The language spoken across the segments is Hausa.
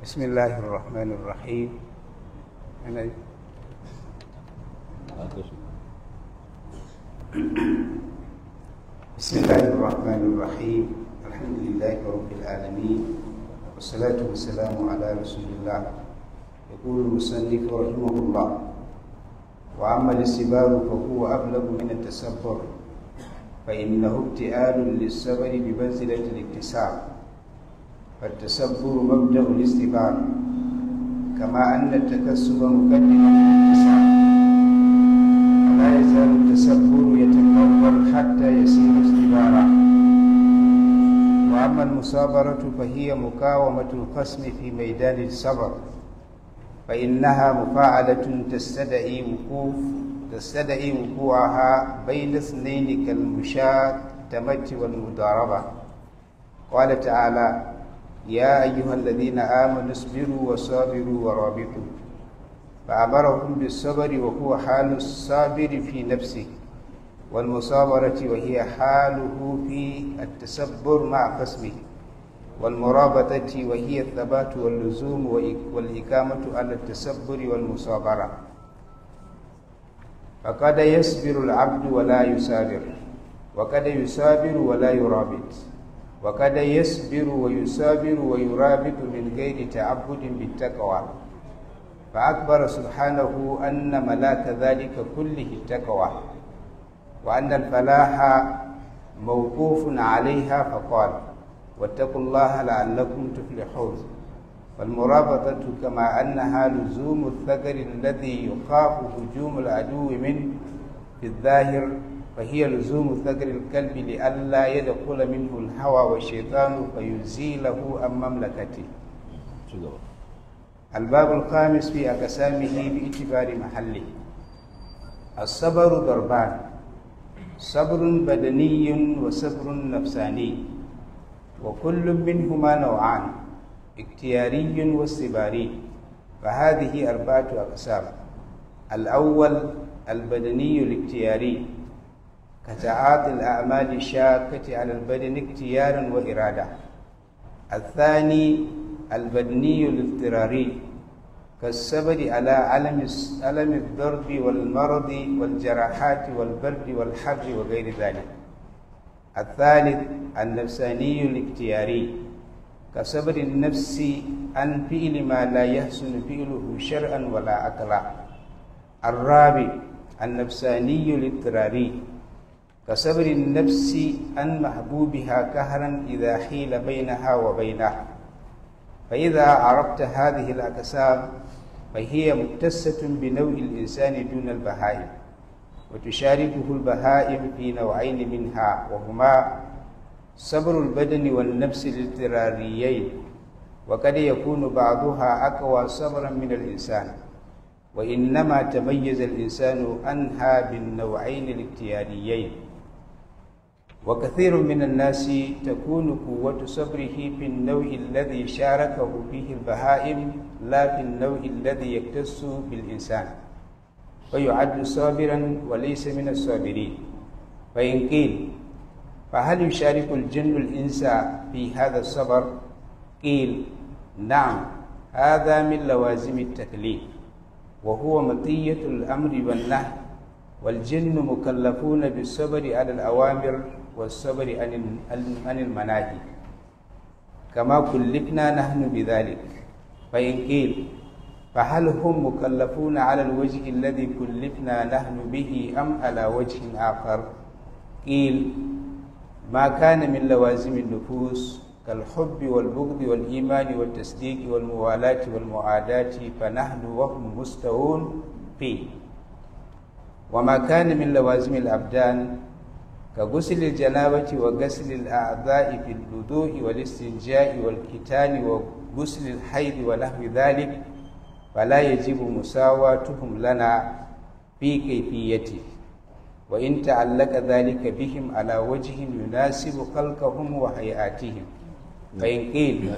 بسم الله الرحمن الرحيم أنا بسم الله الرحمن الرحيم الحمد لله رب العالمين والصلاة والسلام على رسول الله يقول المصنف رحمه الله وأما الاستبار فهو أبلغ من التسبر فإنه ابتئال للسبر بمنزلة الاكتساب فالتسبر مبدأ الاستبان كما أن التكسب مقدم للاتساع فلا يزال التسبر يتكبر حتى يصير استبانا وأما المصابرة فهي مقاومة الخصم في ميدان الصبر فإنها مفاعلة تستدعي وقوف تستدعي وقوعها بين اثنين كالمشاة التمت والمضاربة قال تعالى يا أيها الذين آمنوا اصبروا وصابروا ورابطوا فأمرهم بالصبر وهو حال الصابر في نفسه والمصابرة وهي حاله في التصبر مع قسمه والمرابطة وهي الثبات واللزوم والإقامة على التسبر والمصابرة فقد يصبر العبد ولا يسابر وقد يسابر ولا يرابط وقد يصبر ويسابر ويرابط من غير تعبد بالتقوى فأكبر سبحانه أن ملاك ذلك كله التقوى وأن الفلاح موقوف عليها فقال واتقوا الله لعلكم تفلحون فالمرابطة كما أنها لزوم الثقل الذي يخاف هجوم العدو منه في الظاهر فهي لزوم ثغر الكلب لئلا يدخل منه الهوى والشيطان فيزيله عن مملكته الباب الخامس في أقسامه باعتبار محله الصبر ضربان صبر بدني وصبر نفساني وكل منهما نوعان اختياري واستباري فهذه أربعة أقسام الأول البدني الاختياري كتعاطي الأعمال الشاقة على البدن اختيارا وإرادة الثاني البدني الاضطراري كالسبب على ألم الضرب والمرض والجراحات والبرد والحر وغير ذلك الثالث النفساني الاختياري كصبر النفس عن فعل ما لا يحسن فعله شرعا ولا أكلا الرابع النفساني الاضطراري كصبر النفس عن محبوبها كهرا إذا حيل بينها وبينها فإذا عرفت هذه الأقسام فهي مكتسة بنوع الإنسان دون البهائم وتشاركه البهائم في نوعين منها وهما صبر البدن والنفس الاضطراريين وقد يكون بعضها أقوى صبرا من الإنسان وإنما تميز الإنسان عنها بالنوعين الاختياريين وكثير من الناس تكون قوة صبره في النوع الذي شاركه فيه البهائم لا في النوع الذي يكتس بالإنسان ويعد صابرا وليس من الصابرين فإن قيل فهل يشارك الجن الإنس في هذا الصبر؟ قيل نعم هذا من لوازم التكليف وهو مطية الأمر والنهي والجن مكلفون بالصبر على الأوامر والصبر عن المناهي كما كلفنا نحن بذلك فإن قيل فهل هم مكلفون على الوجه الذي كلفنا نحن به أم على وجه آخر قيل ما كان من لوازم النفوس كالحب والبغض والإيمان والتصديق والموالاة والمعاداة فنحن وهم مستوون فيه وما كان من لوازم الأبدان ka gusilil janabati wa gasilil a'dha'i fil wudu'i wal istinja'i wal qitali wa gusilil haidi wa nahwi dhalik fala yajibu musawatuhum lana fi kayfiyati wa in ta'allaqa dhalika bihim ala wajhin yunasibu khalqahum wa hayatihim fa in qila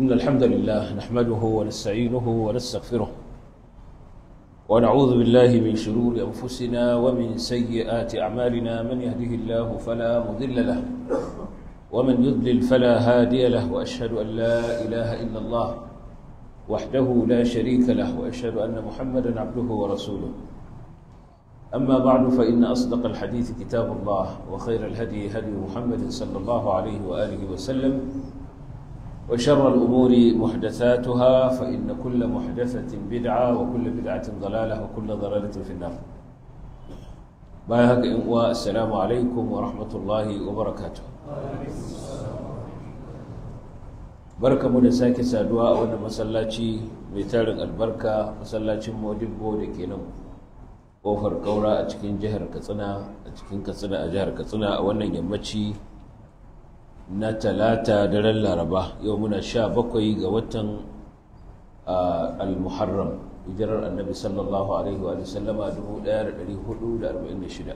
إن الحمد لله نحمده ونستعينه ونستغفره ونعوذ بالله من شرور أنفسنا ومن سيئات أعمالنا من يهده الله فلا مضل له ومن يضلل فلا هادي له وأشهد أن لا إله إلا الله وحده لا شريك له وأشهد أن محمدا عبده ورسوله أما بعد فإن أصدق الحديث كتاب الله وخير الهدي هدي محمد صلى الله عليه وآله وسلم وشر الأمور محدثاتها فإن كل محدثة بدعة وكل بدعة ضلالة وكل ضلالة في النار بايهك إنواء السلام عليكم ورحمة الله وبركاته بركة من ساكي سادواء وانا مسلاتي بيتارك البركة مسلاتي موجبو لكينا وفر كورا أتكين جهر كتنا أتكين كتنا أجهر كتنا وانا يمتشي na talata daren laraba yau muna sha bakwai ga watan al-muharram hijirar annabi sallallahu alaihi wa sallama 1446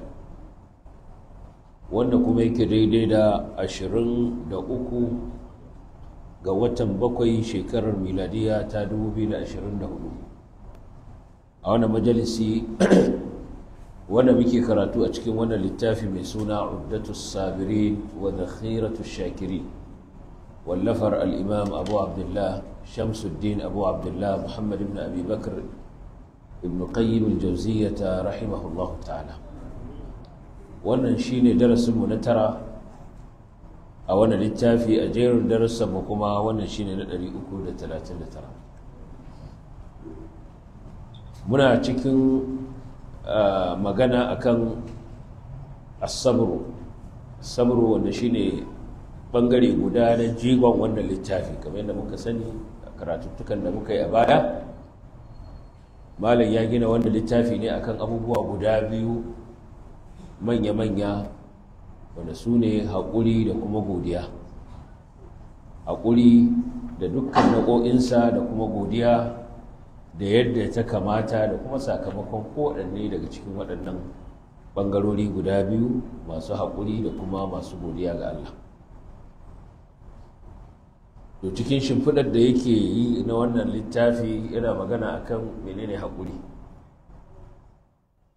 wanda kuma yake daidai da 23 ga watan bakwai shekarar miladiya ta 2024 a wani majalisi wanda muke karatu a cikin wannan littafi mai suna uddatu sabirin wa zakhiratu shakirin wallafar al-imam abu abdullah shamsuddin abu abdullah muhammad ibn abi bakr ibn qayyim al-jawziyyah rahimahullahu ta'ala wannan shine darasin mu na tara a wannan littafi a jerin darasin mu kuma wannan shine na 339 muna cikin magana akan asabru sabro wanda shine bangare guda na jigon wannan littafi kamar yadda muka sani a karatuttukan da muka yi a baya malam ya gina wannan littafi ne akan abubuwa guda biyu manya-manya wanda su ne haƙuri da kuma godiya haƙuri da dukkan naƙo'insa da kuma godiya da yadda ta kamata da kuma sakamakon kowaɗanne daga cikin waɗannan ɓangarori guda biyu masu haƙuri da kuma masu godiya ga Allah to cikin shimfiɗar da yake yi na wannan littafi yana magana a kan menene haƙuri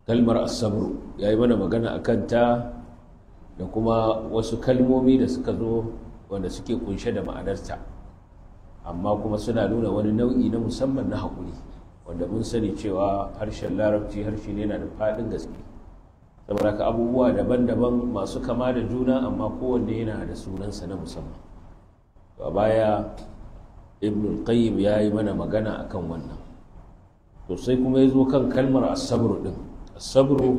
kalmar asabru ya yi mana magana akan ta da kuma wasu kalmomi da suka zo wanda suke kunshe da ma'anarta amma kuma suna nuna wani nau'i na musamman na haƙuri wanda mun sani cewa harshen larabci harshe ne na da faɗin gaske saboda ka abubuwa daban-daban masu kama da juna amma kowanne yana da sunansa na musamman a baya ibn qayyim ya yi mana magana akan wannan to sai kuma ya zo kan kalmar asabru din asabru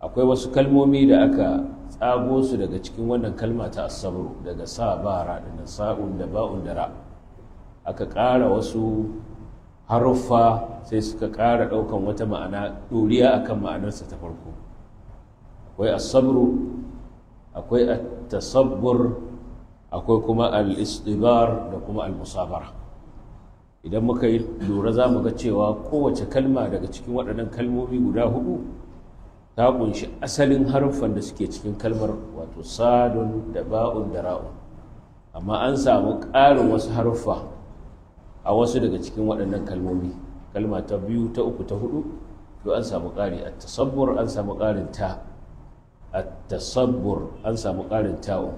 akwai wasu kalmomi da aka tsago su daga cikin wannan kalma ta asabru daga sa ba ra da sa'un da ba'un da ra aka ƙara wasu haruffa sai suka ƙara ɗaukan wata ma'ana ɗuriya akan ma'anarsa ta farko akwai asabru akwai tasabbur akwai kuma al-istibar da kuma al-musabara idan muka yi lura za mu ga cewa kowace kalma daga cikin waɗannan kalmomi guda hudu ta kunshi asalin haruffan da suke cikin kalmar wato sadun da ba'un da ra'un amma an samu ƙarin wasu haruffa a wasu daga cikin waɗannan kalmomi kalma ta biyu ta uku ta hudu to an samu ƙari a tasabbur an samu ƙarin ta a tasabbur an samu ƙarin ta'u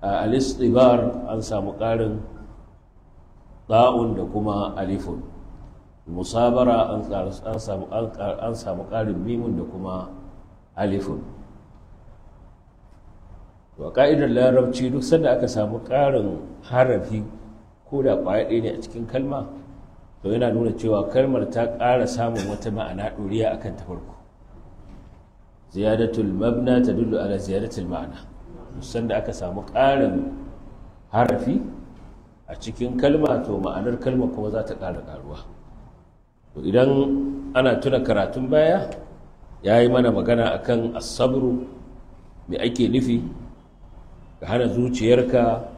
a alistibar an samu ƙarin ɗa'un da kuma alifun musabara an samu ƙarin mimun da kuma alifun wa ƙa'idar larabci duk sanda aka samu ƙarin harafi ko da kwaya ɗaya ne a cikin kalma to yana nuna cewa kalmar ta ƙara samun wata ma'ana a akan ta farko ziyadatul mabna tadullu ala ziyadatul ma'ana musan da aka samu ƙarin harafi a cikin kalma to ma'anar kalmar kuma za ta ƙara ƙaruwa to idan ana tuna karatun baya ya yi mana magana akan asabru me ake nufi ka hana zuciyarka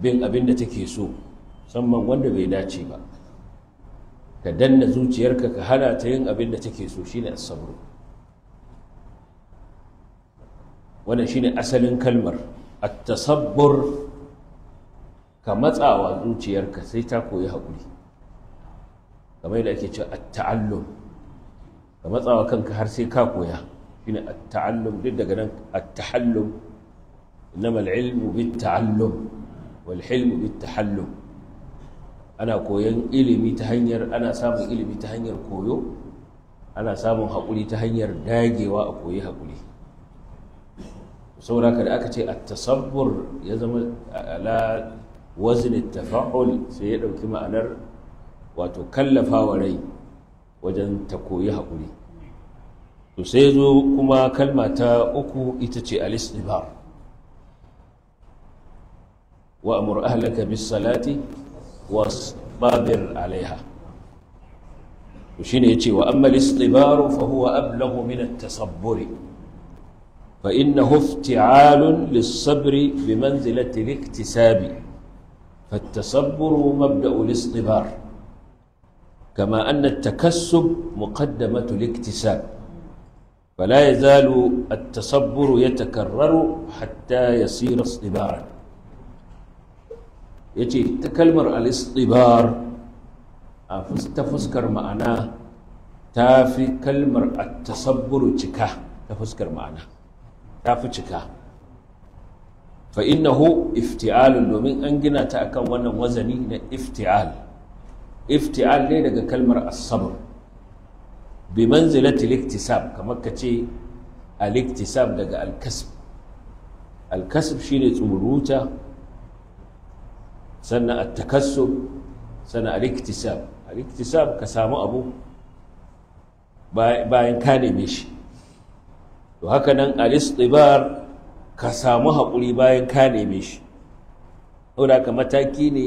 bin abin da take so musamman wanda bai dace ba ka danna zuciyarka ka hana ta yin abin da take so shine as-sabr wannan shine asalin kalmar at-tasabbur ka matsawa zuciyarka sai ta koyi hakuri. kamar yadda ake cewa at-ta'allum ka matsawa kanka har sai ka koya shine at-ta'allum duk daga nan at-tahallum innamal ilmu bit-ta'allum wal hilmu bit tahallum ana koyon ilimi ta hanyar ana samun ilimi ta hanyar koyo ana samun haƙuri ta hanyar dagewa a koyi haƙuri sauraka da aka ce a tasabbur ya zama ala wazin tafa'ul sai ya ɗauki ma'anar wato kallafa rai wajen ta koyi haƙuri to sai zo kuma kalma ta uku ita ce alistibar وأمر أهلك بالصلاة واصبر عليها وشين يجي وأما الاصطبار فهو أبلغ من التصبر فإنه افتعال للصبر بمنزلة الاكتساب فالتصبر مبدأ الاصطبار كما أن التكسب مقدمة الاكتساب فلا يزال التصبر يتكرر حتى يصير اصطبارا ya ce ta kalmar al-istibar a ta fuskar ma'ana ta fi kalmar at-tasabburu cika ta fuskar ma'ana ta fi cika fa innahu ifti'alun domin an gina ta akan wannan wazani na ifti'al ifti'al ne daga kalmar as-sabr bi manzilati al-iktisab kamar kace al-iktisab daga al-kasb al-kasb shine tsuruta sannan a takassu sannan al-iktisab al-iktisab ka samu abu bayan ka neme shi to haka nan al-istibar ka samu haƙuri bayan ka neme shi saboda ka mataki ne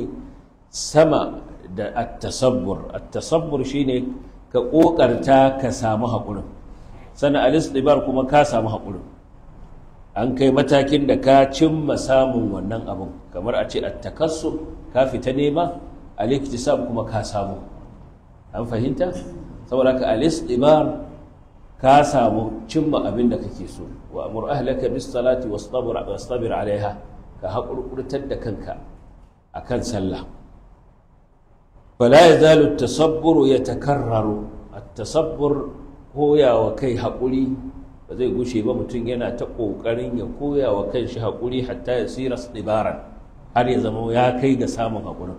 sama da at-tasabbur at-tasabbur shine ka ƙoƙarta ka samu haƙurin sannan al-istibar kuma ka samu haƙurin an kai matakin da ka cimma samun wannan abin kamar a ce a attakassu ka fita nema a likita sam kuma ka samu an fahimta saboda ka alis istibar ka samu cimma abin da kake so wa amur ahlaka bis salati wastabir wastabir alaiha ka haƙurƙurtar da kanka a kan sallah fala yazalu at-tasabbur yatakarraru at-tasabbur koyawa kai haƙuri ba zai gushe ba mutum yana ta ƙoƙarin ya koya wa kan shi hakuri, hatta ya sira tsibaran har ya zama ya kai ga samun haƙurin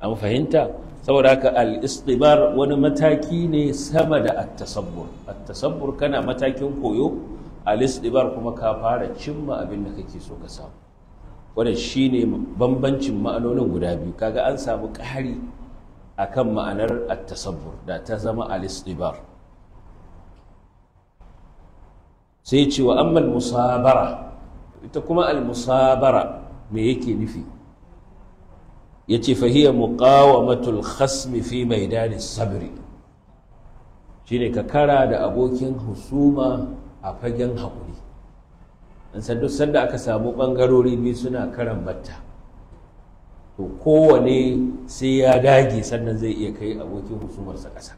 an fahimta saboda haka al-istibar wani mataki ne sama da at-tasabbur at-tasabbur kana matakin koyo al-istibar kuma ka fara cimma abin da kake so ka samu wannan shine bambancin ma'anonin guda biyu kaga an samu ƙari akan ma'anar at-tasabbur da ta zama al-istibar sai ce wa ammal musabara ita kuma al musabara me yake nufi yace fahiya muqawamatul khasmi fi maidani sabri shine ka kara da abokin husuma a fagen haƙuri an san duk sanda aka samu ɓangarori biyu suna karan batta to kowane sai ya dage sannan zai iya kai abokin husumarsa ƙasa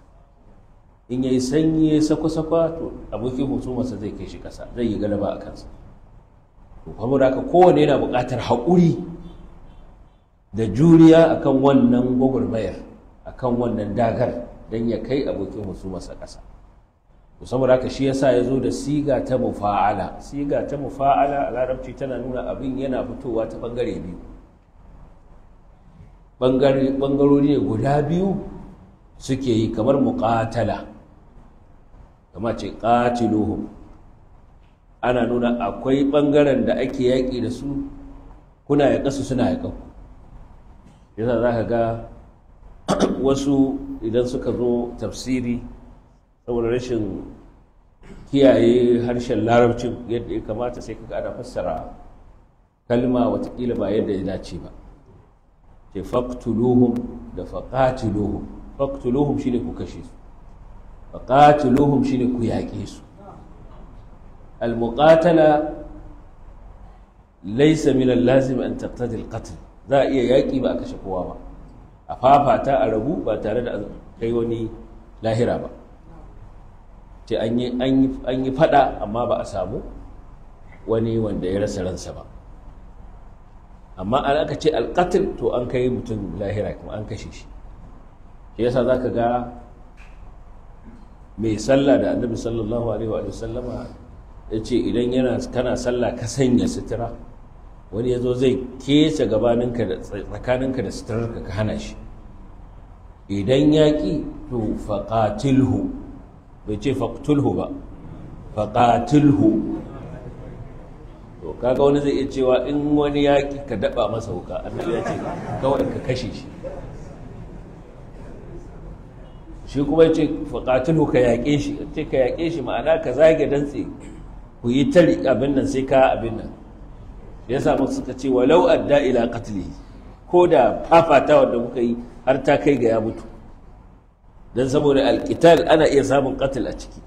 in yayi sanyi ya sakwa-sakwa to abokin masa zai kai shi kasa zai yi galaba a kansa to kuma ka kowane yana buƙatar haƙuri da juriya akan wannan gwagwarmayar akan wannan dagar don ya kai abokin masa ƙasa to saboda haka shi yasa ya zo da siga ta mufa'ala siga ta mufa'ala a larabci tana nuna abin yana fitowa ta bangare biyu bangarori ne guda biyu suke yi kamar muƙatala kama ce qatiluhum ana nuna akwai ɓangaren da ake yaƙi da su kuna ya su suna ya ku yasa za ka ga wasu idan suka zo tafsiri saboda rashin kiyaye harshen larabcin yadda ya kamata sai kaga ana fassara kalma watakila ba yadda ya dace ba ce faktuluhum da faƙatiluhum faktuluhum ne ku kashe su fa qatiluhum shine ku yaƙe su al muqatala laysa lazim an taqtadi al za a iya yaƙi ba a kashe kowa ba a fafata a rabu ba tare da kai wani lahira ba ce an yi faɗa amma ba a samu wani wanda ya rasa ransa ba amma an aka ce alƙatil to an kai mutum lahira kuma an kashe shi shi yasa za ka ga mai sallah da annabi sallallahu alaihi wa sallama ya ce idan yana kana sallah ka sanya sutura wani ya zo zai kece gabaninka da tsakaninka da suturarka ka hana shi idan ya ƙi to faƙatilhu bai ce faƙtulhu ba faƙatilhu to kaga wani zai iya cewa in wani ya ƙi ka daɓa masa wuka annabi ya ce kawai ka kashe shi shi kuma ya ce faƙatilu ka yaƙe shi ce ka yaƙe shi ma'ana ka zage dantse ku yi tari abin nan sai ka abin nan ya samu suka ce walau adda ila qatli ko da fafatawa da muka yi har ta kai ga ya mutu dan saboda alqital ana iya samun qatl a ciki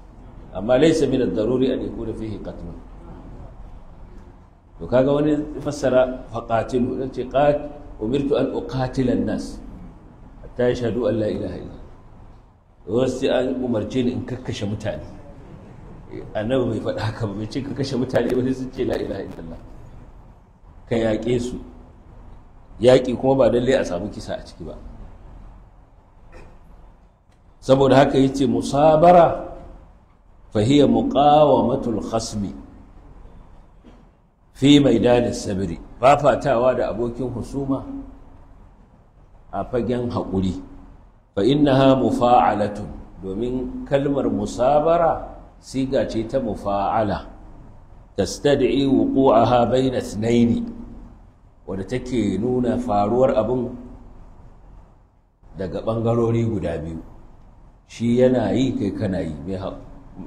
amma laysa min ad-daruri an yakuna fihi qatl to kaga wani fassara faqatilu dan ce qat umirtu an uqatila an-nas hatta yashhadu an la ilaha wasu an umarce ni in kakkashe mutane annabi bai faɗa haka ba bai ce kakkashe mutane ba sai sun ce la ilaha illallah ka yaƙe su yaƙi kuma ba lallai a samu kisa a ciki ba saboda haka yace musabara fahiya muqawamatul khasmi fi mai sabiri sabiri fafatawa da abokin husuma a fagen haƙuri fa innaha mufa'alatun domin kalmar musabara siga ce ta mufa'ala tastad'i wuqu'aha bayna ithnaini wadda take nuna faruwar abun daga bangarori guda biyu shi yana yi kai kana yi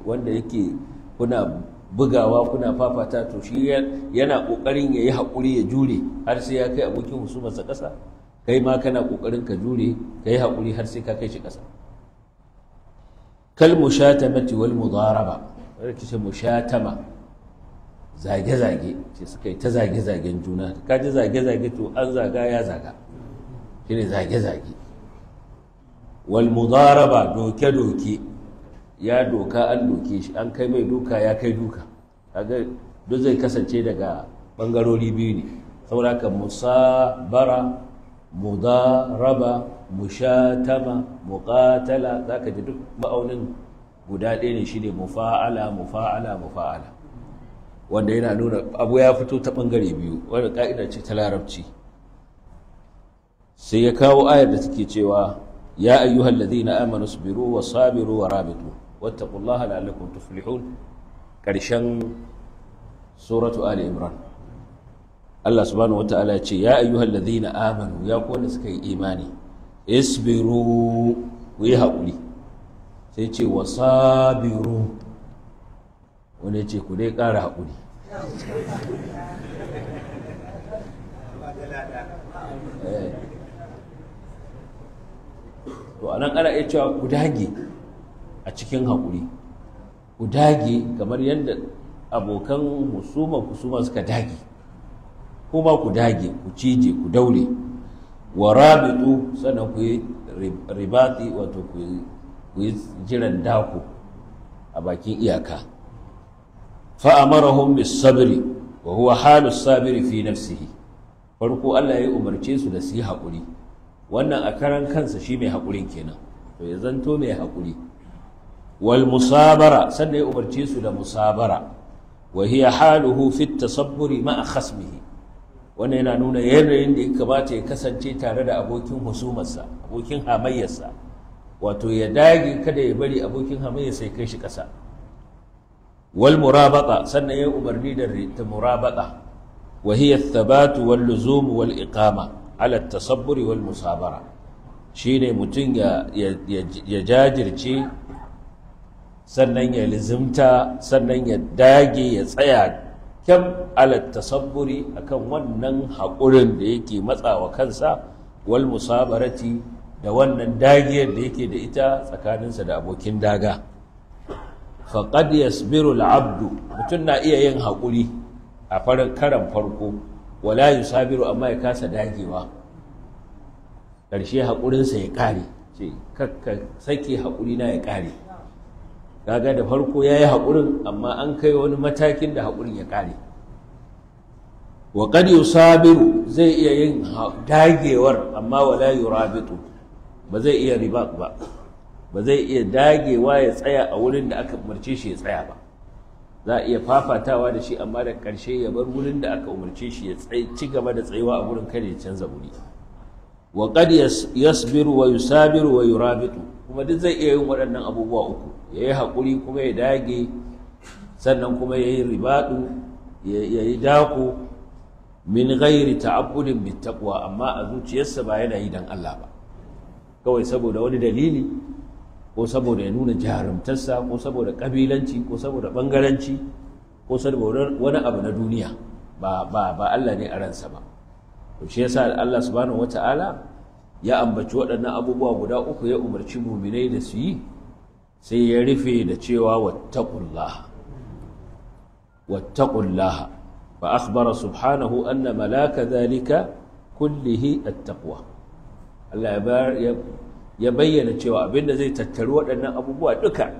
wanda yake kuna bugawa kuna fafata to shi yana kokarin yayi haƙuri ya jure har sai ya kai abokin masa ƙasa kai ma kana ƙoƙarin ka jure ka yi haƙuri har sai ka kai shi ƙasa kal mushatamati wal mudaraba wadda ce mushatama zage-zage ce suka yi ta zage-zagen juna ka ji zage-zage to an zaga ya zaga shi ne zage-zage wal mudaraba doke-doke ya doka an doke shi an kai mai duka ya kai duka kaga duk zai kasance daga bangarori biyu ne saboda ka musabara mudaraba mushatama muqatala zaka ji duk ma'aunin guda ɗaya ne shine mufa'ala mufa'ala mufa'ala wanda yana nuna abu ya fito ta bangare biyu wanda ka'ida ce ta larabci sai ya kawo ayar da take cewa ya ayyuhal ladina amanu sabiru wa sabiru wa rabitu wattaqullaha la'allakum tuflihun karshen suratu ali imran Allah subhanahu ta'ala ce ya ayyuhal ladhina amanu ya ku wanda suka yi imani isbiru ku yi haƙuri sai ce wasabiru wani ce ku dai ƙara haƙuri eh. to anan ana iya cewa ku dage a cikin haƙuri ku dage kamar yadda abokan musuma kusuma suka dage kuma ku dage ku cije ku daure wa rabitu sannan ku yi ribati wato ku yi jiran daku, a bakin iyaka fa'amarahum bis sabri wa huwa halus sabiri fi nafsihi farko Allah ya umarce su da su yi haƙuri wannan a karan kansa shi mai haƙurin kenan to ya zanto mai haƙuri wal musabara sannan ya umarce su da musabara wa hiya haluhu fit tasabburi ma'a khasmihi wannan yana nuna yanayin da ya kamata ya kasance tare da abokin husumarsa abokin hamayyarsa wato ya dage kada ya bari abokin hamayyarsa ya kai shi ƙasa wal murabaqa sannan ya umarni da ta murabaƙa. wa hiya thabat wal luzum wal iqama ala at-tasabbur wal musabara shine mutum ya ya jajirce sannan ya lizimta sannan ya dage ya tsaya kyam ala tasabburi akan wannan haƙurin da yake matsawa kansa wal musabarati da wannan dagiyar da yake da ita tsakaninsa da abokin daga faƙad yasbiru la'abdu mutum na iya yin haƙuri a farin karan farko wala yusabiru amma ya kasa dagewa ƙarshe haƙurinsa ya ƙare ce kakka sake haƙuri na ya ƙare kaga da farko ya yi haƙurin amma an kai wani matakin da haƙurin ya ƙare wa qad yusabiru zai iya yin dagewar amma wala yurabitu ba zai iya riba ba ba zai iya dagewa ya tsaya a wurin da aka umarce shi ya tsaya ba za a iya fafatawa da shi amma da ƙarshe ya bar wurin da aka umarce shi ya ci gaba da tsayuwa a wurin kada ya canza wuri wa qad yasbiru wa yusabiru wa yurabitu kuma duk zai iya yin waɗannan abubuwa uku ya yi haƙuri kuma ya dage sannan kuma ya yi ribaɗu ya yi dako min gairi ta'abbudin bittaƙwa amma a zuciyarsa ba yana yi don Allah ba kawai saboda wani dalili ko saboda ya nuna jarumtarsa ko saboda ƙabilanci ko saboda ɓangaranci ko saboda wani abu na duniya ba Allah ne a ransa ba to shi yasa Allah subhanahu wata'ala ya ambaci waɗannan abubuwa guda uku ya umarci muminai da su yi sai ya rufe da cewa wattaqullaha wattaqullaha fa akhbara subhanahu anna malaka dhalika kullihi attaqwa Allah ya bayyana cewa abinda zai tattaru waɗannan abubuwa duka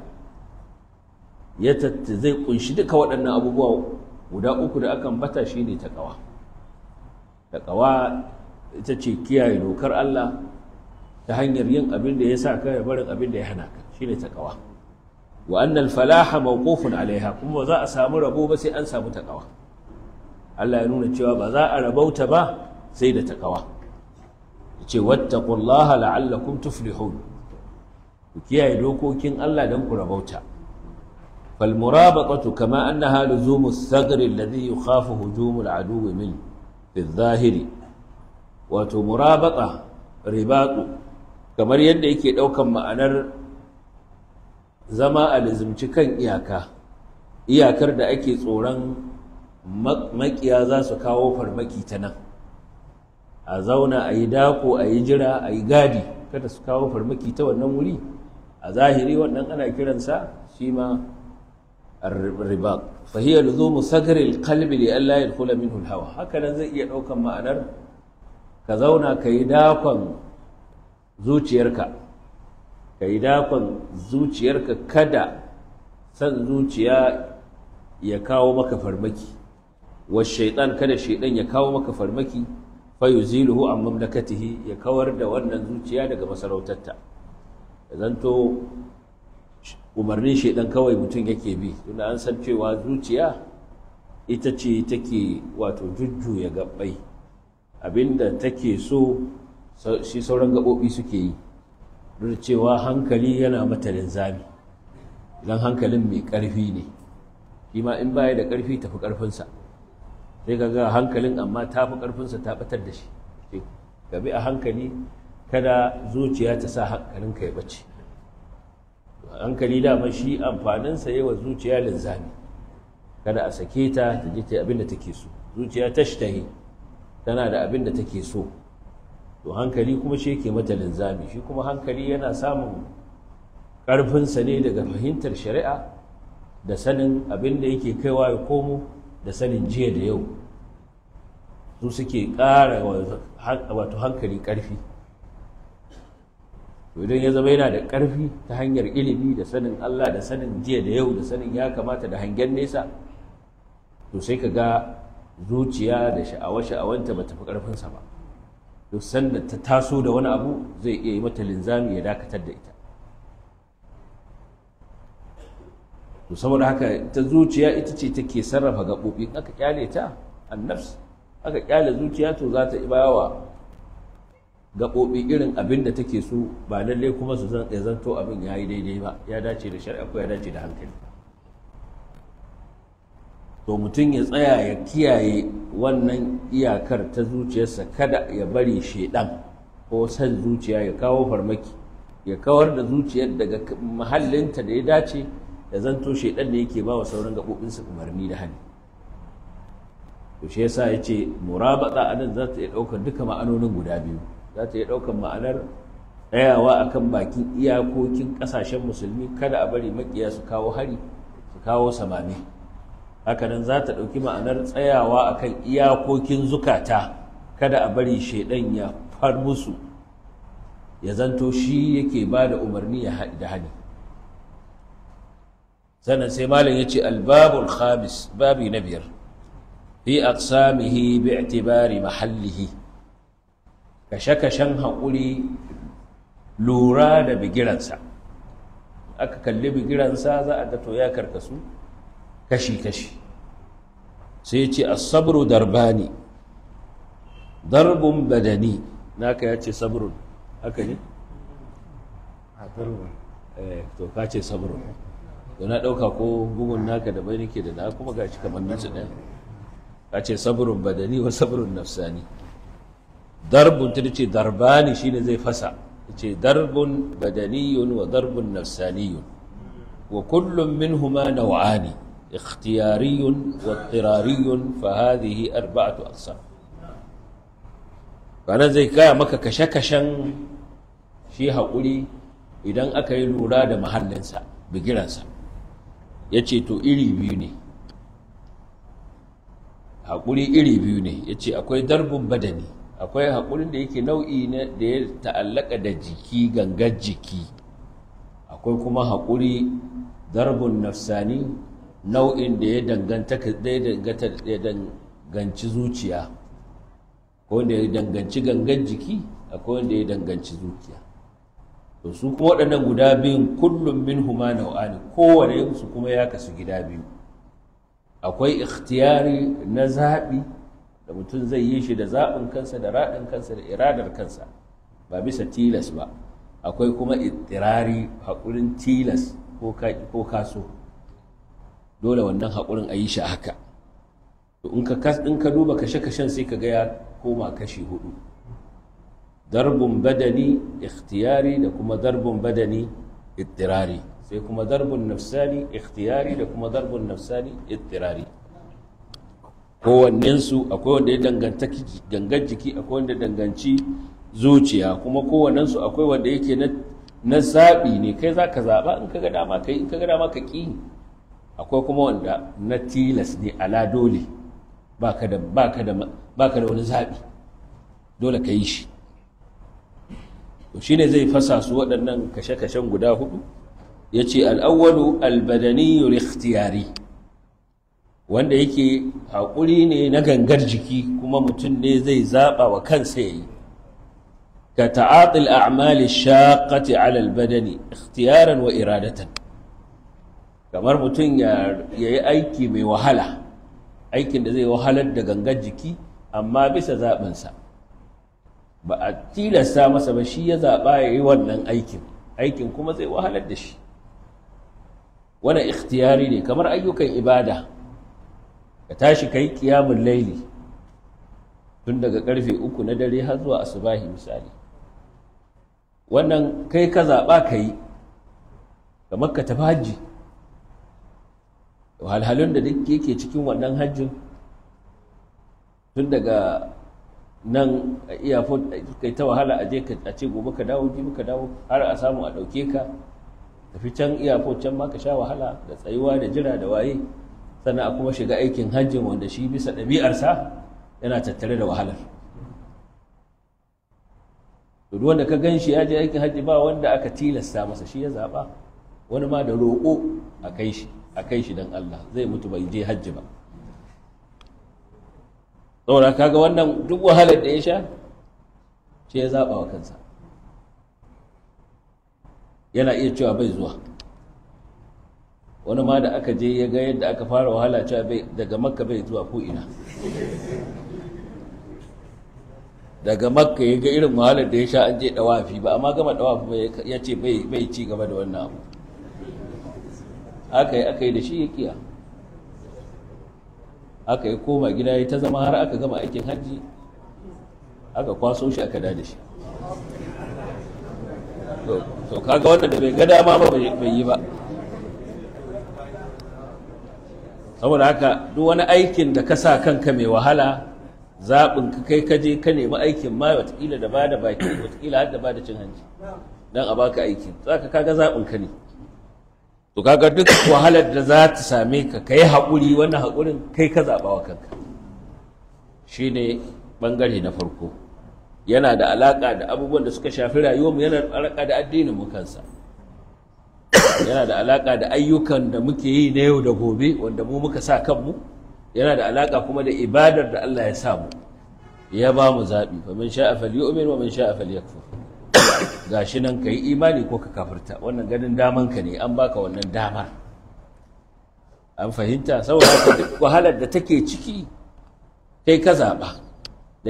ya zai kunshi duka waɗannan abubuwa guda uku da aka ambata shine taqwa taqwa ita ce kiyaye dokar Allah ta hanyar yin abin da ya sa ka da barin abin da ya hana ka shine takawa wa anna falaha mawqufun alaiha kuma za a samu rabo ba sai an samu takawa Allah ya nuna cewa ba za a rabauta ba sai da taqwa yace wattaqullaha la'allakum tuflihun ku kiyaye dokokin Allah dan ku rabauta فالمرابطة كما أنها لزوم الثغر الذي يخاف هجوم العدو منه في الظاهر wato murabata ribatu kamar yadda yake ɗaukan ma'anar zama a lizimci kan iyaka iyakar da ake tsoron makiya za su kawo farmaki ta nan a zauna a yi dako a yi jira a yi gadi kada su kawo farmaki ta wannan wuri a zahiri wannan ana kiransa shi ma riba fahiyar zo mu sagaril kalbi da Allah kula min hawa haka nan zai iya ɗaukan ma'anar ka zauna ka yi dakon zuciyarka ka yi dakon zuciyarka kada san zuciya ya kawo maka farmaki wa shaitan kada shaitan ya kawo maka farmaki fa yuziluhu an mamlakatihi ya kawar da wannan zuciya daga masarautarta zanto umarnin shaidan kawai mutum yake bi tunda an san cewa zuciya ita ce take wato jujjuya gabbai abinda take so shi sauran gaɓoɓi suke yi duk cewa hankali yana mata linzami idan hankalin mai ƙarfi ne shi ma in baya da ƙarfi tafi ƙarfinsa sai ka ga hankalin amma ta fi ƙarfinsa ta ɓatar da shi ka a hankali kada zuciya ta sa hankalinka ya bace hankali dama shi amfanin yi wa zuciya linzami kada a sake ta ta je ta abin da take so zuciya ta shi tana da abin da take so to hankali kuma shi yake mata linzami shi kuma hankali yana samun ƙarfinsa ne daga fahimtar shari'a da sanin abin da yake kaiwa ya komo da sanin jiya da yau su suke ƙara wato hankali ƙarfi idan ya zama yana da ƙarfi ta hanyar ilimi da sanin Allah da sanin jiya da yau da sanin ya kamata da hangen nesa to sai ka ga zuciya da sha'awa-sha'awanta ba ta fi ƙarfinsa ba duk sanda ta taso da wani abu zai iya yi mata linzami ya dakatar da ita to saboda haka ta zuciya ita ce take sarrafa gaɓoɓi aka kyale ta annafs aka kyale zuciya to za ta bawa gaɓoɓi irin abin da take so ba lallai kuma su zan zanto abin ya yi daidai ba ya dace da shari'a ko ya dace da hankali to mutum ya tsaya ya kiyaye wannan iyakar ta zuciyarsa kada ya bari shaidan ko san zuciya ya kawo farmaki ya kawar da zuciyar daga mahallinta da ya dace ya zanto shaidan da yake ba wa sauran gaɓoɓinsa umarni da hannu to shi yasa ya ce murabata a nan za ta iya ɗaukar duka ma'anonin guda biyu za ta iya ɗaukar ma'anar tsayawa akan bakin iyakokin ƙasashen musulmi kada a bari maƙiya su kawo hari su kawo samame hakanan za ta ɗauki ma'anar tsayawa a kan iyakokin zukata kada a bari shaidan ya far musu ya zanto shi yake ba da umarni da hani sannan sai malam ya ce albabul khamis babi na biyar fi aqsamihi bi'tibari mahallihi kashe-kashen haƙuri lura da bigiransa aka kalli bigiransa za a ga to ya karkasu kashi-kashi sai ya ce a asabru darbani darbun badani naka ya ce sabrun haka ne? Eh, to ka ce sabrun da na ɗauka ko bugun naka da bai nake da na kuma gashi kamar nutsu ɗaya ka ce sabrun badani wa sabrun nafsani darbun ta ce darbani shine zai fasa ce darbun badaniyun wa darbun nafsaniyun wa kullum min huma na wa'ani. اختياري واضطراري فهذه أربعة أقسام ranar zai kaya maka kashe-kashen shi haƙuri idan aka yi lura da mahallinsa bigiransa ya ce to iri biyu ne haƙuri iri biyu ne ya ce akwai darbin badani akwai haƙuri da yake nau'i da ya ta'allaka da jiki ganga jiki akwai kuma haƙuri darbin nafsani nau'in da ya danganci zuciya ko da ya danganci gangan jiki akwai wanda ya danganci zuciya to su kuma waɗannan guda biyun kullum min huma nau'ani kowane su kuma ya kasu gida biyu akwai ikhtiyari na zaɓi da mutum zai yi shi da zaɓin kansa da raɗin kansa da iradar kansa ba bisa tilas ba akwai kuma ittirari haƙurin tilas ko kaso dole wannan haƙurin a yi shi haka to in ka in ka duba kashe-kashen sai ka ga ya koma kashi hudu darbun badani ikhtiyari da kuma darbun badani ittirari sai kuma darbun nafsani ikhtiyari da kuma darbun nafsani ittirari kowannensu akwai wanda ya dangantaki gangan jiki akwai wanda danganci zuciya kuma kowannensu akwai wanda yake na zaɓi ne kai za ka zaɓa in ka ga dama kai in ka ga dama ka ƙi akwai kuma wanda na tilas ne ala dole baka da da wani zaɓi? dole ka yi shi to shine zai fasa su waɗannan kashe-kashen guda hudu yace ce awwalu albadani yuri wanda yake haƙuri ne na gangar jiki kuma mutum ne zai zaɓa wa kansa ya yi ka ta'atil a'mali shaƙati alalbadani, badani ikhtiyaran wa iradatan kamar mutum ya yi aiki mai wahala aikin da zai wahalar da gangan jiki amma bisa zaɓinsa ba a tilasta masa ba shi ya zaɓa ya yi wannan aikin aikin kuma zai wahalar da shi wani ikhtiyari ne kamar ayyukan ibada ka tashi kai kiyamun laili tun daga karfe uku na dare har zuwa asubahi misali wannan kai ka zaɓa ka yi kamar ka tafi hajji halhalun da duk yake cikin wannan hajjin tun daga nan a iya kai ta wahala a je a ce gobe ka dawo jibi ka dawo har a samu a ɗauke ka tafi can iyafon can ma ka sha wahala da tsayuwa da jira da waye sannan a kuma shiga aikin hajji wanda shi bisa ɗabi'arsa yana tattare da wahalar duk wanda ka gan shi ya je aikin hajji ba wanda aka tilasta masa shi ya zaɓa wani ma da roƙo a kai shi a kai shi don Allah zai mutu bai je hajji ba saboda kaga wannan duk wahalar da ya sha ce ya zaɓa wa kansa yana iya cewa bai zuwa wani ma da aka je ya ga yadda aka fara wahala cewa daga makka bai zuwa ko ina daga makka ya ga irin wahalar da ya sha an je dawafi ba amma gama dawafi ya ce bai ci gaba da wannan abu aka yi aka yi da shi ya kiya aka yi koma gida ya ta zama har aka gama aikin hajji aka kwaso shi aka da shi to kaga wanda da bai ga dama ba bai yi ba saboda haka duk wani aikin da ka sa kanka mai wahala zaɓin ka kai kaje ka nemi aikin ma watakila da ba da baki watakila har da ba da cin hanci don a baka aikin za ka kaga zaɓin ka ne to kaga duk wahalar da za ta same ka ka yi haƙuri wannan haƙurin kai ka zaɓa wa kanka shi ne ɓangare na farko yana da alaƙa da abubuwan da suka shafi rayuwarmu yana da alaƙa da addinin mu kansa yana da alaƙa da ayyukan da muke yi na yau da gobe wanda mu muka sa kanmu yana da alaƙa kuma da ibadar da Allah ya sa mu ya ba mu zaɓi fa man sha'a falyu'min wa man sha'a falyakfur gashi nan ka yi imani ko ka kafirta wannan ganin daman ka ne an baka wannan damar an fahimta saboda duk wahalar da take ciki kai ka zaɓa da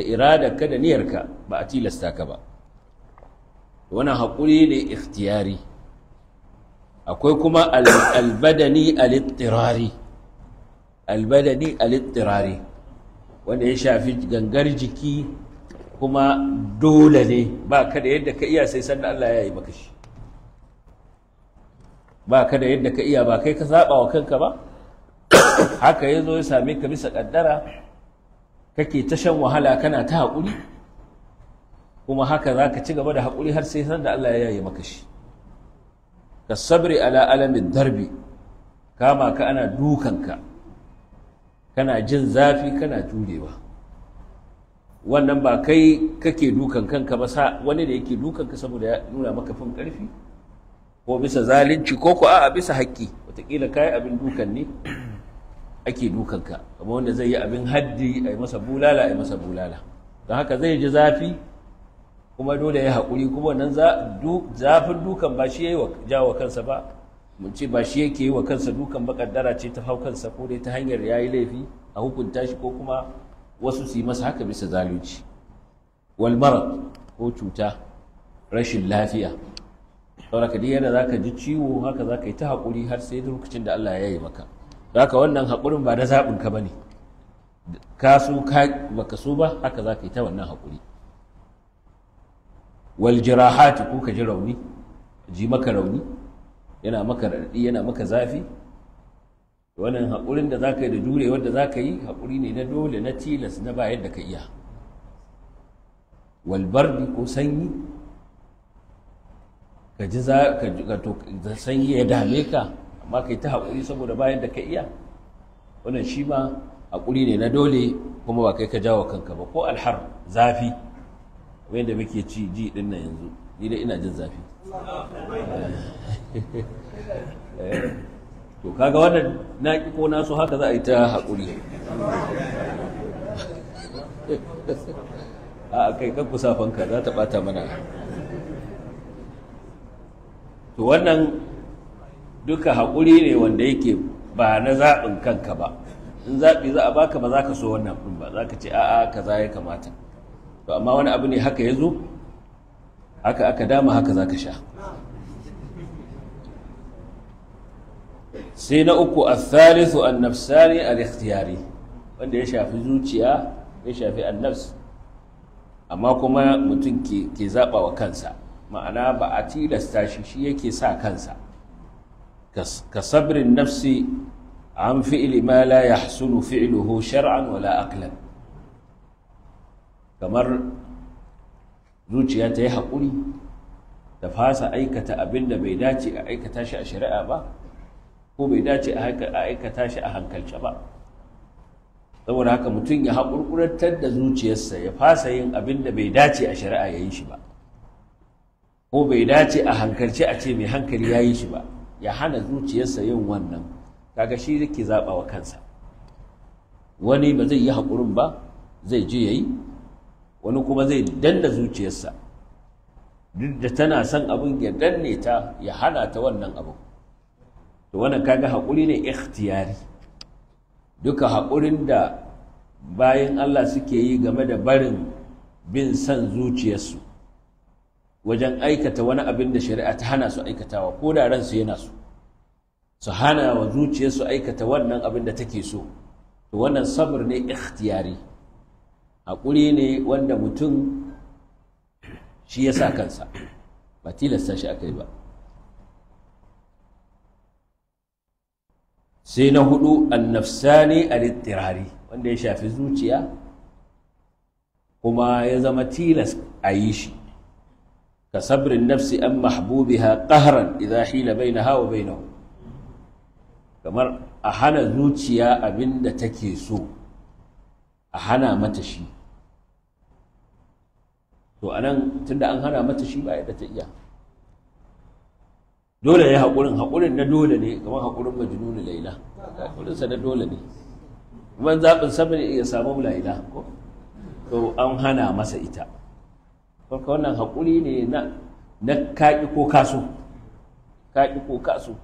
ka da niyarka ba a tilasta ka ba wannan haƙuri ne ikhtiyari akwai kuma albadani alittirari albadani alittirari wanda ya shafi gangar jiki kuma dole ne ba ka da yadda ka iya sai sanda Allah ya yi maka shi ba ka da yadda ka iya ba kai ka saba wa kanka ba haka ya zo ya same ka bisa kaddara kake ta shan wahala kana ta haƙuri kuma haka za ka ci gaba da haƙuri har sai sanda Allah ya yi maka shi ka sabri ala alamin darbi kama ka ana dukanka kana jin zafi kana jurewa wannan ba kai kake dukan kanka ba sa wani da yake dukan ka saboda ya nuna maka fin karfi ko bisa zalunci ko ko a bisa haƙƙi wataƙila kai abin dukan ne ake dukan ka kamar wanda zai yi abin haddi a yi masa bulala a yi masa bulala don haka zai ji zafi kuma dole ya haƙuri kuma wannan zafin dukan ba shi ya yi jawo kansa ba mun ce ba shi yake yi wa kansa dukan ba ƙaddara ce ta hau kansa ko dai ta hanyar ya yi laifi a hukunta shi ko kuma wasu su yi masa haka bisa zalunci walmara ko cuta rashin lafiya sauraka ka yadda za ka ji ciwo haka za ka yi ta haƙuri har sai lokacin da Allah ya yi maka za ka wannan haƙurin ba na ka ba ne ka so ka baka so ba haka za ka yi ta wannan haƙuri wal jirahati ko ka ji rauni ji maka rauni yana maka yana maka zafi wannan haƙurin da za ka yi da jure da za ka yi haƙuri ne na dole na tilas na bayan da ka iya walbardi ko sanyi ka ji za ka sanyi ya dame ka amma ka yi ta haƙuri saboda bayan da ka iya wannan shi ma haƙuri ne na dole kuma ba kai ka jawo kanka ba ko alhar zafi wanda muke ci ji din nan yanzu ni dai ina jin zafi eh. to kaga wannan naki ko nasu haka za a yi ta haƙuri a kai kan kusafanka za ta ɓata mana to wannan duka haƙuri ne wanda yake ba na zaɓin kanka ba in zaɓi za a baka ba za ka so wannan ɗin ba za ka ce a'a kaza ya kamata to amma wani abu ne haka ya zo haka aka dama haka za ka sha sai na uku a athalithu annafsani a ikhtiyari wanda ya shafi zuciya ya shafi annafs amma kuma mutum ke zaɓa wa kansa ma'ana ba a tilasta shi shi yake sa kansa ka sabrin nafsi an fi'li ma la yahsulu fi'luhu shar'an wala aqlan kamar zuciya ta yi haƙuri ta fasa aikata abin da bai dace a aikata shi a shari'a ba ko bai dace a aikata shi a hankalce ba saboda haka mutum ya haƙurƙurantar da zuciyarsa ya fasa yin abin da bai dace a shari'a ya yi shi ba ko bai dace a hankalce a ce mai hankali ya yi shi ba ya hana zuciyarsa yin wannan kaga shi yake zaɓa wa kansa wani ba zai yi haƙurin ba zai je ya yi wani kuma zai danna zuciyarsa duk da tana son abin ya danne ta ya hana ta wannan abin to wannan kaga haƙuri ne ikhtiyari duka haƙurin da bayan Allah suke yi game da barin bin san zuciyarsu wajen aikata wani abin da shari'a ta hana su aikatawa ko da ransu yana so su hana wa zuciyarsu aikata wannan abin da take so to wannan sabr ne ikhtiyari haƙuri ne wanda mutum shi ya sa kansa ba tilasta shi aka yi ba sai na hudu annafsani al-ittirari wanda ya shafi zuciya kuma ya zama tilas a yi shi ka sabrin nafsi an mahbubiha qahran idan hila hawa bai bainahu kamar a hana zuciya abinda take so a hana mata shi to anan tunda an hana mata shi ba yadda ta iya dole ya haƙurin haƙurin na dole ne kamar haƙurin majnunu laila haƙurin sa na dole ne man zaɓin sama ya samu laila ko to an hana masa ita farka wannan haƙuri ne na na kaƙi ko kaso kaƙi ko kaso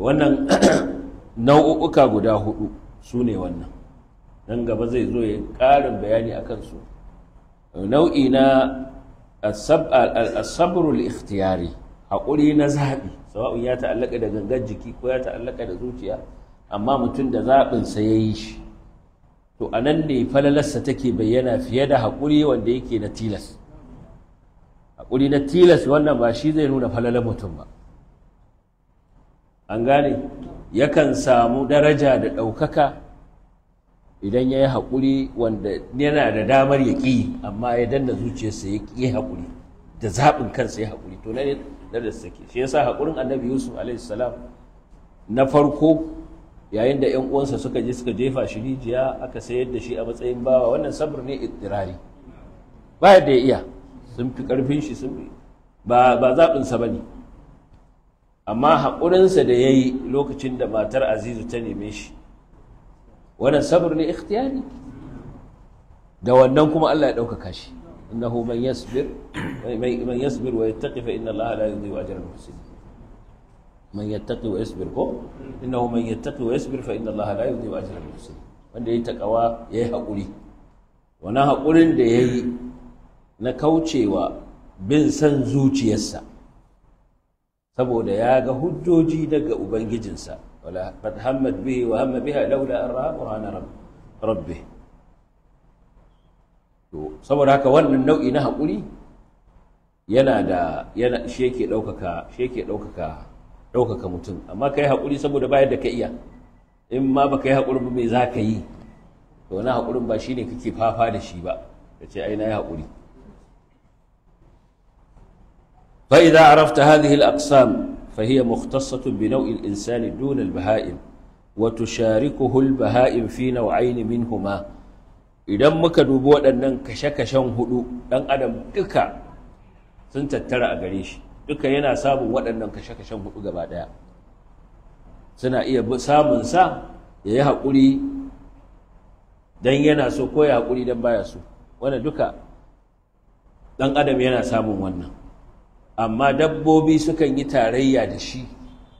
wannan nau'uka guda hudu su ne wannan nan gaba zai zo ya ƙarin bayani a kansu nau'i na asabrul ikhtiyari haƙuri na zaɓi sawa'un ya ta'allaka da gangan jiki ko ya ta'allaka da zuciya amma mutum da zaɓinsa ya yi shi to a nan ne falalarsa take bayyana fiye da haƙuri wanda yake na tilas haƙuri na tilas wannan ba shi zai nuna falalar mutum ba an gane yakan samu daraja da ɗaukaka idan ya yi haƙuri wanda yana da damar ya ƙi amma ya danna zuciyarsa ya ƙi haƙuri da zaɓin kansa ya haƙuri to na ne na da sake shi yasa haƙurin annabi yusuf alaihi na farko yayin da ƴan uwansa suka je suka jefa shi rijiya aka sayar da shi a matsayin bawa wannan sabr ne ittirari ba yadda ya iya sun fi ƙarfin shi sun ba ba zaɓinsa ba ne amma haƙurinsa da ya yi lokacin da matar azizu ta neme shi wannan sabr ne ikhtiyari da wannan kuma Allah ya ɗaukaka shi innahu man yasbir man yasbir wa yattaqi fa inna Allah la yudhi'u ajra al-muhsinin man yattaqi wa yasbir ko innahu man yattaqi wa yasbir fa inna Allah la yudhi'u ajra al-muhsinin wanda yayi takawa yayi hakuri wannan hakurin da yayi na kaucewa bin san zuciyarsa saboda ya ga hujjoji daga ubangijinsa قد همت به وهم بها لولا أن رأى برهان ربه to saboda haka wannan nau'i na haƙuri yana da yana shi ɗaukaka mutum amma ka hakuri saboda bayar da ka iya in ma ba ka yi haƙurin ba me za yi to wani haƙurin ba shi kake fafa da shi ba ka ce ai na yi hakuri? fa arafta hazihil al فهي مختصة بنوع الإنسان دون البهائم وتشاركه البهائم في نوعين منهما idan muka dubi waɗannan kashe-kashen hudu ɗan adam duka sun tattara a gare shi duka yana samun waɗannan kashe-kashen hudu gaba ɗaya suna iya samun sa ya yi haƙuri don yana so ko ya haƙuri don baya so wanda duka ɗan adam yana samun wannan amma dabbobi sukan yi tarayya da shi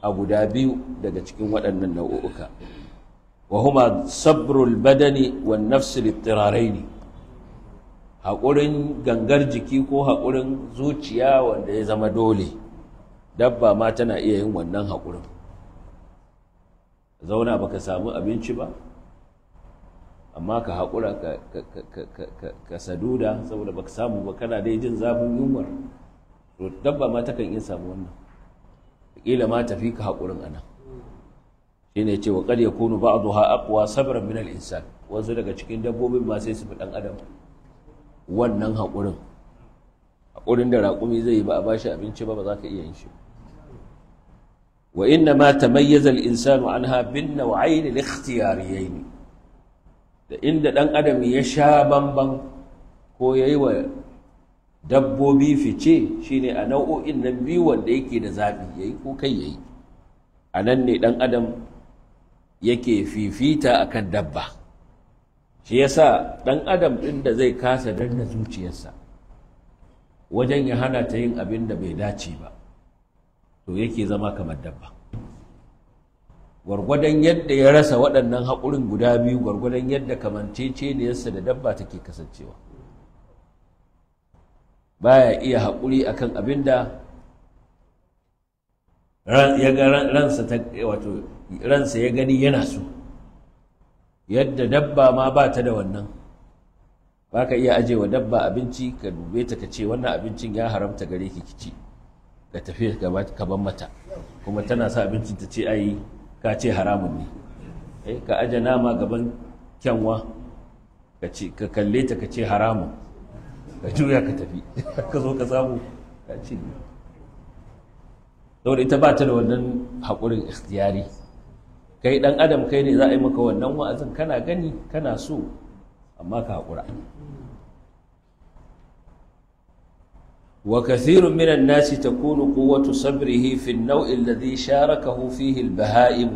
a guda biyu daga cikin waɗannan nau'uka wa huma sabrul badani wan nafsi ne. haƙurin gangar jiki ko haƙurin zuciya wanda ya zama dole dabba ma tana iya yin wannan haƙurin zauna baka samu abinci ba amma ka haƙura ka saduda saboda baka samu ba kana dai jin zafin yunwar to dabba ma takan iya samu wannan ƙila ma tafi ka hakurin ana shine ce wa qad yakunu ba'daha aqwa sabran min al-insan wasu daga cikin dabbobin ma sai su fi ɗan adam wannan hakurin hakurin da raƙumi zai yi ba a bashi abinci ba ba za ka iya yin shi wa inna ma tamayyaza al-insanu anha bin naw'ayn al-ikhtiyariyayn da inda dan adam ya sha bamban ko yayi wa dabbobi fice shine a nau'o'in nan biyu wanda yake da zaɓi yi ko kai ya yi. a nan ne ɗan adam yake fifita akan dabba shi sa ɗan adam ɗin da zai kasa danna zuciyarsa wajen ya hana ta yin abin da bai dace ba to yake zama kamar dabba gwargwadon yadda ya rasa waɗannan haƙurin guda biyu gwargwadon yadda kamanceceniyarsa da dabba take kasancewa baya iya haƙuri akan abin da ransa ya gani yana so yadda dabba ma ba ta da wannan ba ka iya ajewa dabba abinci ka dube ta ka ce wannan abincin ya haramta gare ki kici ka tafi ka ban mata kuma tana sa abincin ta ce ayi ka ce haramun ne eh, ka aje nama gaban kyanwa ka kalle ta ka ce haramun ka juya ka tafi ka zo ka samu da wannan haƙurin ikhtiyari kai ɗan adam kai ne za a yi maka wannan wa'azin kana gani kana so amma ka haƙura wa kathirun minan nasi ta quwwatu koWatu fi an-naw'i alladhi sharakahu fihi al-baha'im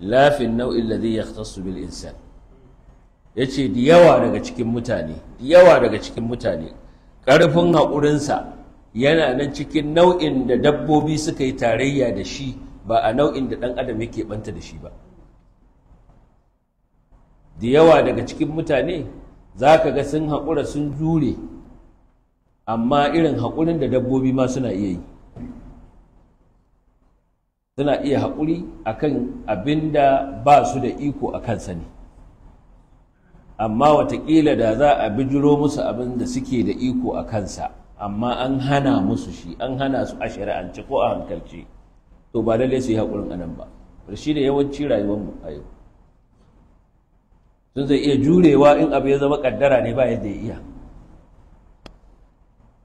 la fi an-naw'i alladhi yahtassu bil insan ya ce da yawa daga cikin mutane yawa daga cikin mutane ƙarfin haƙurinsa yana nan cikin nau'in da dabbobi suka yi tarayya da shi ba a nau'in da ɗan adam yake ɓanta da shi ba da yawa daga cikin mutane za ka ga sun haƙura sun jure amma irin haƙurin da dabbobi ma suna iya yi suna iya haƙuri akan abin da ba su da iko a kansa ne amma watakila da za a bijiro musu abin da suke da iko a kansa amma an hana musu shi an hana su a shari'ance ko a hankalce to ba lallai su yi haƙurin anan ba shi ne yawanci rayuwarmu a yau sun zai iya jurewa in abu ya zama ƙaddara ne ba yadda ya iya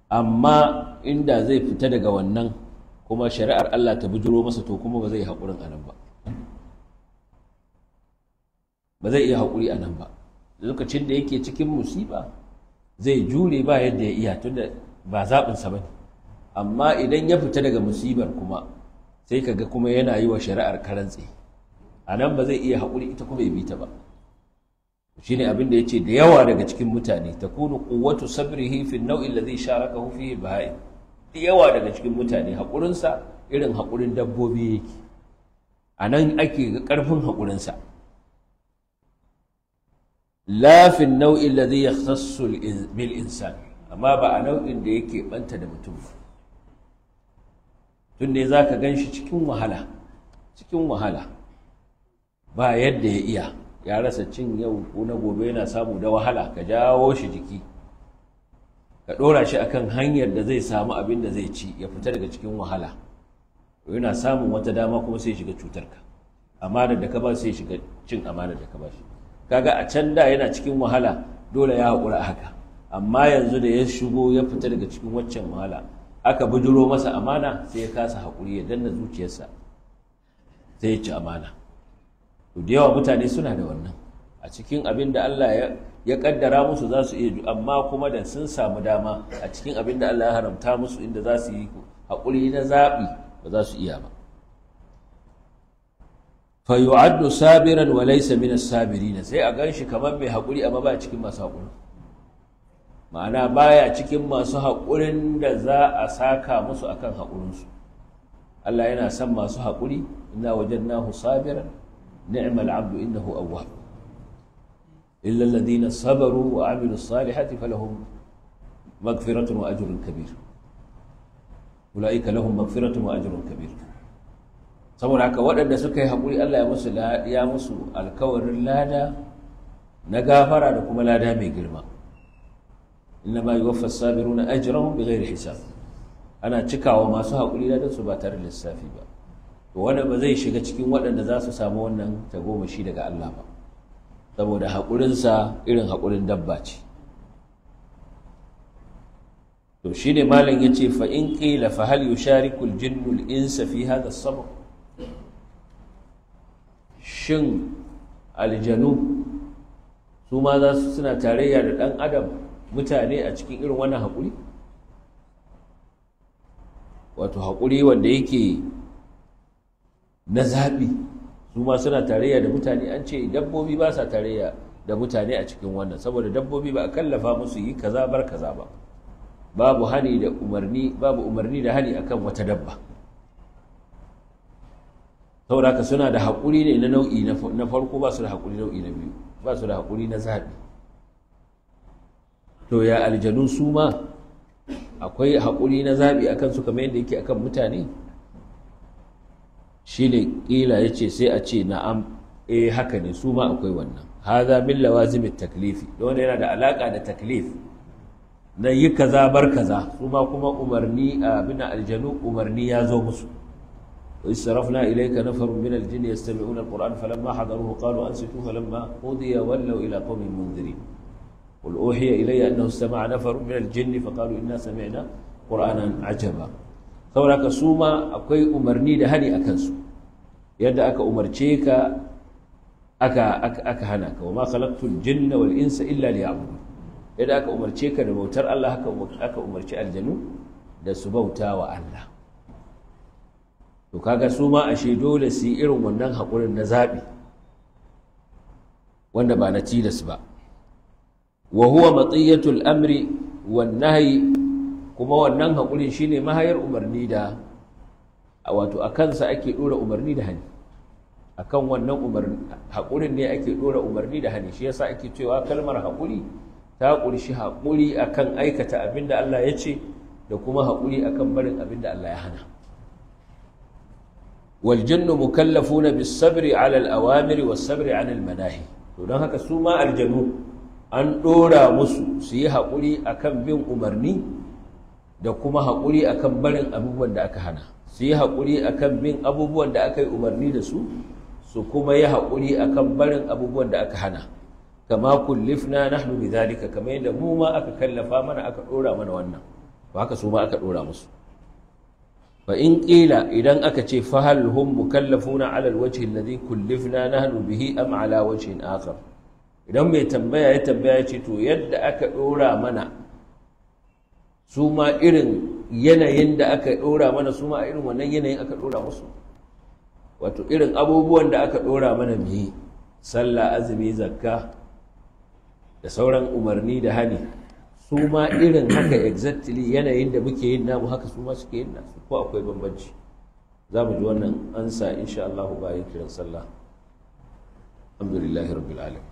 amma inda zai fita daga wannan kuma shari'ar Allah ta bijiro masa to kuma ba zai haƙurin anan ba ba zai iya haƙuri anan ba lokacin da yake cikin musiba zai jure ba yadda ya iya tunda ba zaɓinsa ba amma idan ya fita daga musibar kuma sai ka ga kuma yana yi wa shari'ar karantse a nan ba zai iya haƙuri ita kuma ya bita ba shi abin da ya ce da yawa daga cikin mutane ta kunu ƙuwatu sabrihi hifin nau'in da zai sharaka hufi bahai da yawa daga cikin mutane haƙurinsa irin haƙurin dabbobi yake a nan ake ƙarfin haƙurinsa lafin nau'in da zai yakhassu bil insan amma ba a nau'in da yake banta da mutum ba tun ne zaka ganshi cikin wahala cikin wahala ba yadda ya iya ya rasa cin yau ko na gobe yana samu da wahala ka jawo shi jiki ka ɗora shi akan hanyar da zai samu abin da zai ci ya fita daga cikin wahala yana samun wata dama kuma sai shiga ka. amanar da ka ba sai shiga cin amanar da ka ba shi kaga a can da yana cikin wahala dole ya haƙura haka amma yanzu da ya shigo ya fita daga cikin waccan wahala aka bujuro masa amana sai ya kasa haƙuri ya danna zuciyarsa sai ya ci amana to da yawa mutane suna da wannan a cikin abin da Allah ya kaddara musu za su iya amma kuma da sun samu dama a cikin abin da Allah ya haramta musu inda za su yi haƙuri na zaɓi ba za su iya ba fa yu'addu sabiran wa laysa min sai a ganshi kamar mai hakuri amma ba cikin masu hakuri ma'ana baya cikin masu haƙurin da za a saka musu akan kan su Allah yana son masu hakuri wajen nahu sabiran ni'mal 'abdu innahu awwab illa alladhina sabaru wa 'amilus salihati falahum maghfiratun wa ajrun kabir ulaika lahum maghfiratun wa ajrun kabir saboda haka waɗanda suka yi haƙuri Allah ya musu ya musu alkawarin lada na gafara da kuma lada mai girma inna ma yuwaffa sabiruna ajrahum bighairi hisab ana cikawa masu haƙuri ladan su ba tare da lissafi ba to wanda ba zai shiga cikin waɗanda za su samu wannan tagomashi daga Allah ba saboda haƙurinsa irin haƙurin dabba ce to shi ne malam ya ce fa in ƙila fa hal yushariku al insa fi hadha as-sabr shin aljanu su ma za su suna tarayya da ɗan adam mutane a cikin irin wannan haƙuri wato haƙuri wanda yake na zaɓi su ma suna tarayya da mutane an ce dabbobi ba sa tarayya da mutane a cikin wannan saboda dabbobi ba a kallafa musu yi kaza bar kaza ba babu hani da umarni umarni da hani akan wata dabba Sauraka suna da haƙuri ne na nau'i na farko ba su da haƙuri nau'i na biyu ba su da haƙuri na zaɓi to ya aljanun su ma akwai haƙuri na zaɓi akan su kamar yadda yake akan mutane shi ne ƙila ya ce sai a ce na'am eh haka ne su ma akwai wannan haza min lawazim taklifi don yana da alaƙa da taklif na yi kaza bar kaza su ma kuma umarni abin aljanu umarni ya zo musu استرفنا إليك نفر من الجن يستمعون القرآن فلما حضروه قالوا أنصتوا فلما قضي ولوا إلى قوم منذرين قل أوحي إلي أنه استمع نفر من الجن فقالوا إنا سمعنا قرآنا عجبا ثورك سوما أكوي أمرني دهني أكنسو يد أك أمر أكا أك أك هناك وما خلقت الجن والإنس إلا ليعبدون يد أك أمر شيك الموتر الله أك أمر شيك الجنو ده سبوتا وأنه to kaga su ma ashe dole su yi irin wannan haƙurin na zaɓi wanda ba na tilas ba wa huwa matsiyatul amri wan kuma wannan haƙurin shine mahayar umarni da wato a kansa ake ɗora umarni da hani kan wannan haƙurin ne ake ɗora umarni da hani shi yasa ake cewa kalmar haƙuri ta ƙunshi haƙuri akan aikata abin da Allah ya ce da kuma haƙuri akan barin abin da Allah ya hana والجن مكلفون بالصبر على الأوامر والصبر على المناهي don haka su ma aljanu an ɗora musu su yi haƙuri akan bin umarni da kuma haƙuri akan barin abubuwan da aka hana su yi haƙuri akan bin abubuwan da aka yi umarni da su su kuma yi haƙuri akan barin abubuwan da aka hana kama kullifna nahnu bidhalika kamar yadda mu ma aka kallafa mana aka ɗora mana wannan ba haka su ma aka ɗora musu fa in idan aka ce fa hal hum mukallafuna ala alwajhi alladhi kullifna nahnu bihi am ala wajhin akhar idan mai tambaya ya tambaya ya ce to yadda aka dora mana su ma irin yanayin da aka dora mana su ma irin wannan yanayin aka dora musu wato irin abubuwan da aka ɗora mana bihi, sallah azumi zakka da sauran umarni da hani su ma irin haka exactly yanayin da muke yin namu haka su ma suke yin nasu ko akwai bambanci za mu ji wannan ansa insha Allah bayan kiran sallah alhamdulillahi rabbil alamin